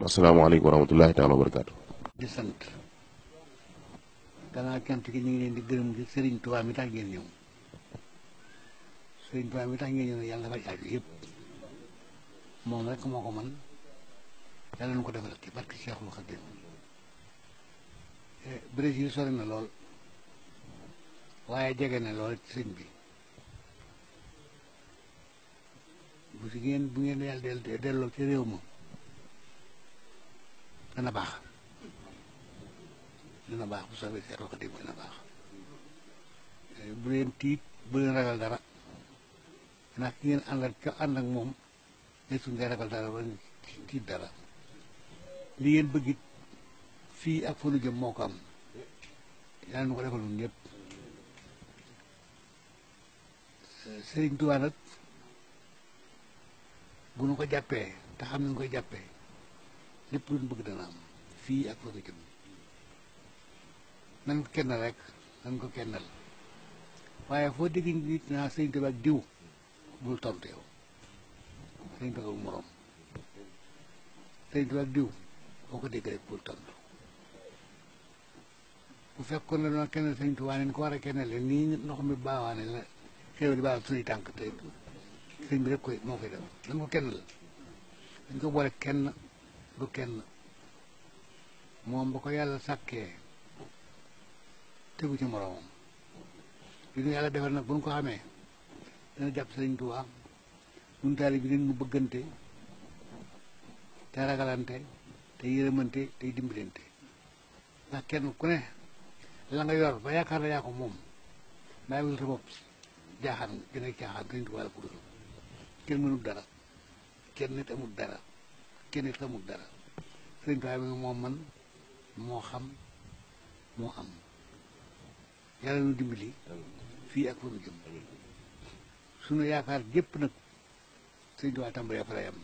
asalaamaaleykum wa rahmatullahi taala wa barakaatu. di sant gannaaw cant gi ñu ngi leen di gërëm di Serigne Touba mi tax ngeen ñëw Serigne Touba mi tax ngeen ñëw yàlla dafay aaju yëpp moom rek moo ko man yàlla nu ko defal ci barke Cheikhul Khadim eh, Brésil sori na lool waaye jege na lool ci bi bu si ngeen bu ngeen yàlla delloo ci réew ma. dana bax dana bax bu soobee ko Xadiim dana baax eh, bu len tit bu len ragal dara ndax ki ngeen andal ca and ak moom desul ngay ragal dara wala tiit dara li ngeen bëgg fi ak fa lu jëm moo ko am yàlla ñu ko defal ñun ñëpp Sëriñ Tuubaa bu ñu ko jappé ta xam ñu ko jappé lépp lu ñu bëgg dana am fii ak loolu kenn nan kenn rek nan ko kennal waaye foo dégg nit naa sëñ Tuubaa ak diw bul tontu yow sëñ Tuubaa ak moroom sëñ Tuubaa ak diw boo ko dégg rek bul tontu bu fekkoon ne doon kenn sëñ Tuubaa nen ko war a kennale nii ndox la xew di baax suñuy rek koy moo koy def nan kenn du kenn moom ba ko yàlla sàkkee tegu ci moroomam li ñu yàlla defal nag bu ñu ko xamee dana jàpp Sëriñ Tuubaa ñun taalibe bi ñu bëggante te ragalante te yërëmante tey dimbalante ndax kenn ku ne la nga yor ba yaakaar na yaa ko moom ndaa wul sa bopp jaaxaan dangay caaxaan Sëriñ Tuubaa la ko kenn mënul dara kenn nit amul dara kene xamul dara serigne Tuubaa mo man mo xam mo am yalla ñu dimbali fi ak fa nu jëm sunu yaakaar gépp nag sëñ Tuubaa tàmbalee fa la yam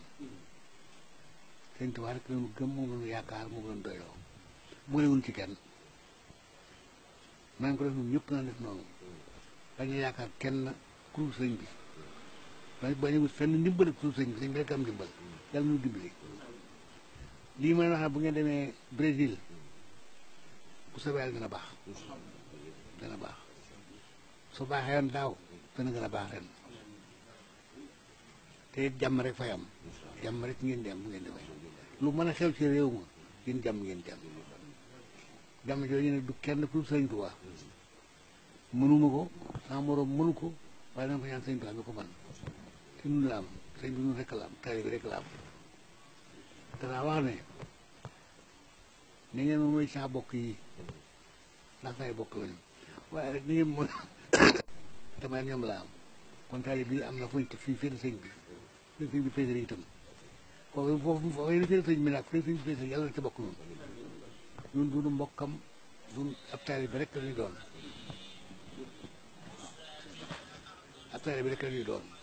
serigne Tuubaa rek ñu gëm ñu yaakar mo gën doyo mo leewul ci kenn man ko def ñu ñep na def non dañu yaakar kenn ku serigne bi waaye bañ fenn ndimbal ak suñu sëñ bi rek am ndimbal yàlla ñu dimbali lii may wax bu ngeen demee Brésil bu soobee dana baax dana baax su baaxee yoon daaw dana gën a ren te jam rek fay am rek ngeen dem bu ngeen lu a xew ci réew ngeen dem du kenn ku sama morom mënu ko waaye dama ko ñaan ko ci nun la am sëñ bi nun rekk la am taali bi rekk la am danaa wax ne ni ngeen ma mooy saa bokk yi ndax saay bokk lañu waaye ni ngeen mooy dama ñoom la am kon bi am na fuñ fii fenn sëñ bi foofu foofu foofu la fenn sëñ yàlla na ci bokk ñun ñun duñu mbokkam duñu ab taali bi rekk lañu doon doon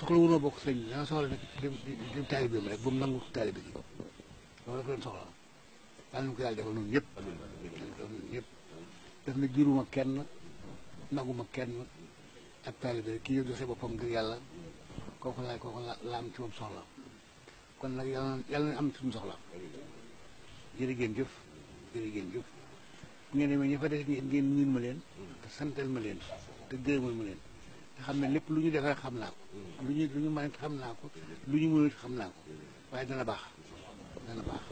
soxla wu noo bokk sëñ bi yaa soxla nekk ci lim taalibeem rek ba mu nangu taalibe gi soxla yàlla na ko yàlla defal noonu ñëpp noonu ñëpp daf na giruma kenn naguma kenn ak taalibe kii yëg joxe boppam ngir yàlla kooku laay kooku la am ci moom soxla kon nag yàlla yàlla na am suñu soxla jërë ngeen jëf jërë ngeen jëf bu ngeen demee ñu fa des ngeen miin ma leen te santal ma leen te gërëmal ma leen xam ne lépp lu ñu defee xam naa ko mm. lu ñu lu ñu mën xam naa ko lu ñu mënut xam naa ko waaye dana baax dana baax